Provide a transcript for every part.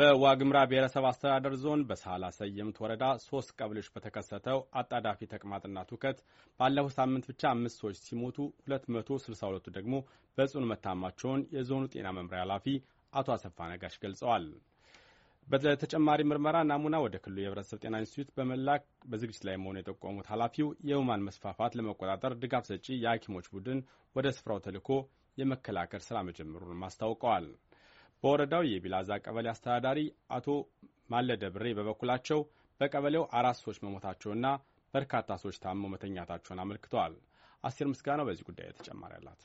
በዋግምራ ብሔረሰብ አስተዳደር ዞን በሳህላ ሰየምት ወረዳ ሶስት ቀበሌዎች በተከሰተው አጣዳፊ ተቅማጥና ትውከት ባለፈው ሳምንት ብቻ አምስት ሰዎች ሲሞቱ ስልሳ ቱ ደግሞ በጽኑ መታማቸውን የዞኑ ጤና መምሪያ ኃላፊ አቶ አሰፋ ነጋሽ ገልጸዋል። በተጨማሪ ምርመራ ናሙና ወደ ክልሉ የህብረተሰብ ጤና ኢንስቲትዩት በመላክ በዝግጅት ላይ መሆኑ የጠቆሙት ኃላፊው የህሙማን መስፋፋት ለመቆጣጠር ድጋፍ ሰጪ የሐኪሞች ቡድን ወደ ስፍራው ተልኮ የመከላከል ስራ መጀመሩንም አስታውቀዋል። በወረዳው የቢላዛ ቀበሌ አስተዳዳሪ አቶ ማለደ ብሬ በበኩላቸው በቀበሌው አራት ሰዎች መሞታቸውና በርካታ ሰዎች ታመው መተኛታቸውን አመልክተዋል። አስቴር ምስጋናው በዚህ ጉዳይ ተጨማሪ አላት።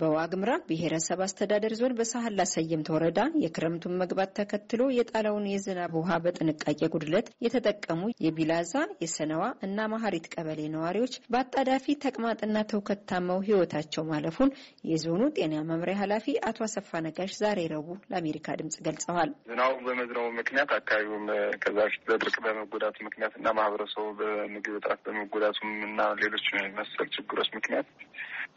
በዋግምራ ብሔረሰብ አስተዳደር ዞን በሳህላ ሰየምት ወረዳ የክረምቱን መግባት ተከትሎ የጣለውን የዝናብ ውሃ በጥንቃቄ ጉድለት የተጠቀሙ የቢላዛ የሰነዋ እና ማሐሪት ቀበሌ ነዋሪዎች በአጣዳፊ ተቅማጥና ተውከት ታመው ሕይወታቸው ማለፉን የዞኑ ጤና መምሪያ ኃላፊ አቶ አሰፋ ነጋሽ ዛሬ ረቡዕ ለአሜሪካ ድምጽ ገልጸዋል። ዝናቡ በመዝነቡ ምክንያት አካባቢውም ከዛ በፊት በድርቅ በመጎዳቱ ምክንያት እና ማህበረሰቡ በምግብ እጥረት በመጎዳቱም እና ሌሎች መሰል ችግሮች ምክንያት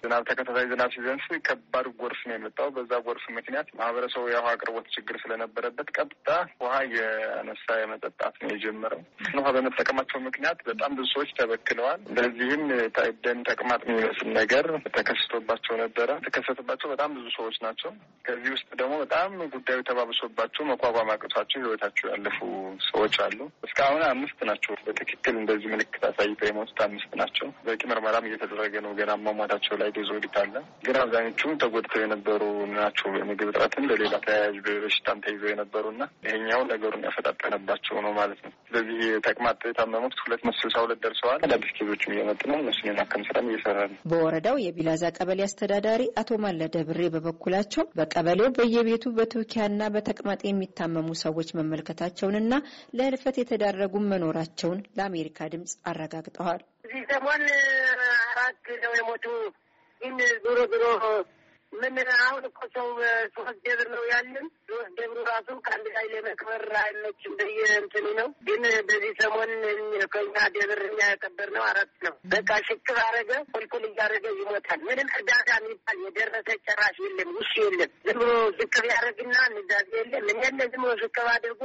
ዝናብ ተከታታይ ዝናብ ሲዘን ከባድ ጎርፍ ነው የመጣው። በዛ ጎርፍ ምክንያት ማህበረሰቡ የውሃ አቅርቦት ችግር ስለነበረበት ቀጥታ ውሃ የነሳ የመጠጣት ነው የጀመረው። ውሃ በመጠቀማቸው ምክንያት በጣም ብዙ ሰዎች ተበክለዋል። በዚህም ደም ተቅማጥ የሚመስል ነገር ተከስቶባቸው ነበረ። ተከሰተባቸው በጣም ብዙ ሰዎች ናቸው። ከዚህ ውስጥ ደግሞ በጣም ጉዳዩ ተባብሶባቸው መቋቋም አቅቷቸው ህይወታቸው ያለፉ ሰዎች አሉ። እስካሁን አምስት ናቸው። በትክክል እንደዚህ ምልክት አሳይተው የሞቱት አምስት ናቸው። በቂ ምርመራም እየተደረገ ነው። ገና አሟሟታቸው ላይ ዞ ሊታለ አብዛኞቹም ተጎድተው የነበሩ ናቸው። የምግብ እጥረትን ለሌላ ተያያዥ በሽታም ተይዘው የነበሩ እና ይሄኛው ነገሩን ያፈጣጠነባቸው ነው ማለት ነው። ስለዚህ ተቅማጥ የታመሙት ሁለት መቶ ስልሳ ሁለት ደርሰዋል። አዳዲስ ኬዞችም እየመጡ ነው። እነሱን የማከም ስራም እየሰራ ነው። በወረዳው የቢላዛ ቀበሌ አስተዳዳሪ አቶ ማለደ ብሬ በበኩላቸው በቀበሌው በየቤቱ በትውኪያና በተቅማጥ የሚታመሙ ሰዎች መመልከታቸውንና ለህልፈት የተዳረጉ መኖራቸውን ለአሜሪካ ድምጽ አረጋግጠዋል። እዚህ ሰሞን አራት ነው የሞቱ ግን ዞሮ ዞሮ ምን አሁን እኮ ሰው ሶስት ደብር ነው ያለን። ሶስት ደብሩ ራሱ ከአንድ ላይ ለመክበር አይመችም፣ በየ እንትኑ ነው። ግን በዚህ ሰሞን ከኛ ደብር እኛ ነው አራት ነው። በቃ ሽክብ አረገ ቁልቁል እያደረገ ይሞታል። ምንም እርዳታ የሚባል የደረሰ ጨራሽ የለም፣ ውሽ የለም። ዝም ብሎ ሽክብ ያደረግና ንዛዜ የለም። እኛለ ዝም ብሎ ሽክብ አድርጎ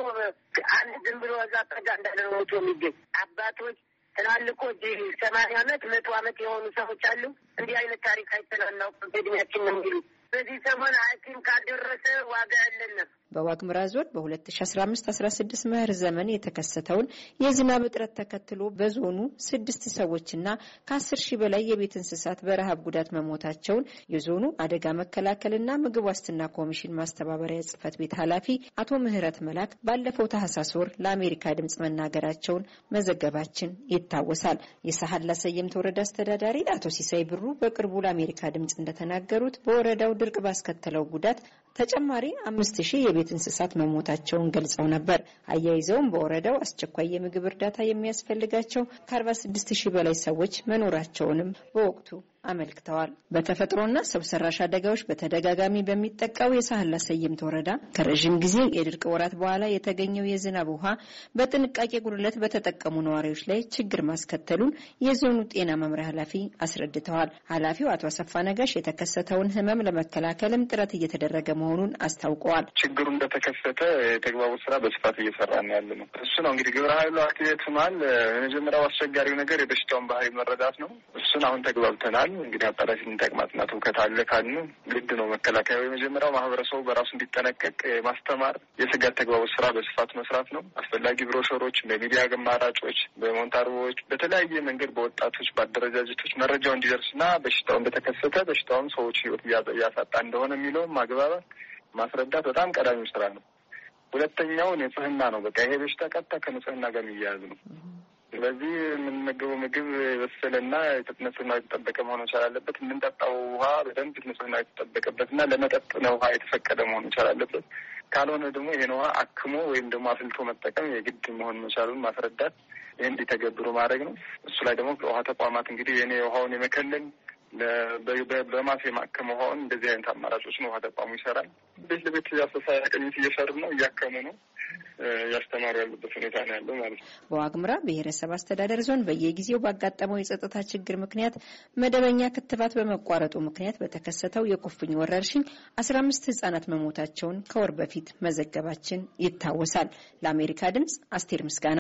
አንድ ዝም ብሎ እዛ ጠጋ እንዳለ ሞቶ የሚገኝ አባቶች ትላልቆ እዚህ ሰማንያ አመት መቶ አመት የሆኑ ሰዎች አሉ። እንዲህ አይነት ታሪክ አይተናናውቅ በእድሜያችን ነው የሚሉ በዚህ ሰሞን ሐኪም ካልደረሰ ዋጋ ያለን ነው። በዋግምራ ዞን በ2015/16 ምህር ዘመን የተከሰተውን የዝናብ እጥረት ተከትሎ በዞኑ ስድስት ሰዎችና ከ10 ሺህ በላይ የቤት እንስሳት በረሃብ ጉዳት መሞታቸውን የዞኑ አደጋ መከላከልና ምግብ ዋስትና ኮሚሽን ማስተባበሪያ ጽህፈት ቤት ኃላፊ አቶ ምህረት መላክ ባለፈው ታህሳስ ወር ለአሜሪካ ድምጽ መናገራቸውን መዘገባችን ይታወሳል። የሳህላ ሰየምት ወረዳ አስተዳዳሪ አቶ ሲሳይ ብሩ በቅርቡ ለአሜሪካ ድምጽ እንደተናገሩት በወረዳው ድርቅ ባስከተለው ጉዳት ተጨማሪ አምስት ሺህ የቤት የቤት እንስሳት መሞታቸውን ገልጸው ነበር። አያይዘውም በወረዳው አስቸኳይ የምግብ እርዳታ የሚያስፈልጋቸው ከ46 ሺህ በላይ ሰዎች መኖራቸውንም በወቅቱ አመልክተዋል። በተፈጥሮና ሰው ሰራሽ አደጋዎች በተደጋጋሚ በሚጠቃው የሳህላ ሰየምት ወረዳ ከረዥም ጊዜ የድርቅ ወራት በኋላ የተገኘው የዝናብ ውሃ በጥንቃቄ ጉድለት በተጠቀሙ ነዋሪዎች ላይ ችግር ማስከተሉን የዞኑ ጤና መምሪያ ኃላፊ አስረድተዋል። ኃላፊው አቶ አሰፋ ነጋሽ የተከሰተውን ህመም ለመከላከልም ጥረት እየተደረገ መሆኑን አስታውቀዋል። ችግሩ እንደተከሰተ የተግባቡ ስራ በስፋት ነው ያለ ነው። እሱ ነው እንግዲህ ግብረ ኃይሉ አክቲቬት ማል የመጀመሪያው አስቸጋሪው ነገር የበሽታውን ባህሪ መረዳት ነው። እሱን አሁን ተግባብተናል። እንግዲህ አጣዳፊ ንጠቅ ማጥናት አለ ካሉ ግድ ነው መከላከያ የመጀመሪያው ማህበረሰቡ በራሱ እንዲጠነቀቅ ማስተማር፣ የስጋት ተግባቦት ስራ በስፋት መስራት ነው። አስፈላጊ ብሮሸሮች፣ በሚዲያ አማራጮች፣ በሞንታርቦዎች በተለያየ መንገድ በወጣቶች በአደረጃጀቶች መረጃው እንዲደርስና በሽታውን በተከሰተ በሽታውም ሰዎች ህይወት እያሳጣ እንደሆነ የሚለውም ማግባባት ማስረዳት በጣም ቀዳሚው ስራ ነው። ሁለተኛው ንጽህና ነው። በቃ ይሄ በሽታ ቀጥታ ከንጽህና ጋር የሚያያዝ ነው። ስለዚህ የምንመገበው ምግብ የበሰለና ንጽህና የተጠበቀ መሆን መቻል አለበት። የምንጠጣው ውሃ በደንብ ንጽህና የተጠበቀበትና ለመጠጥ ነው ውሃ የተፈቀደ መሆን መቻል አለበት። ካልሆነ ደግሞ ይሄን ውሃ አክሞ ወይም ደግሞ አፍልቶ መጠቀም የግድ መሆን መቻሉን ማስረዳት ይህ እንዲተገብሩ ማድረግ ነው። እሱ ላይ ደግሞ ውሃ ተቋማት እንግዲህ የኔ ውሃውን የመከለል በማስ ከመሆን እንደዚህ አይነት ነው ውሃ ተቋሙ ይሰራል። ቤት ለቤት አሰሳ ቅኝት እየሰሩ ነው፣ እያከሙ ነው፣ ያስተማሩ ያሉበት ሁኔታ ነው ያለው ማለት ነው። በዋግምራ ብሔረሰብ አስተዳደር ዞን በየጊዜው ባጋጠመው የጸጥታ ችግር ምክንያት መደበኛ ክትባት በመቋረጡ ምክንያት በተከሰተው የኩፍኝ ወረርሽኝ አስራ አምስት ህጻናት መሞታቸውን ከወር በፊት መዘገባችን ይታወሳል። ለአሜሪካ ድምጽ አስቴር ምስጋና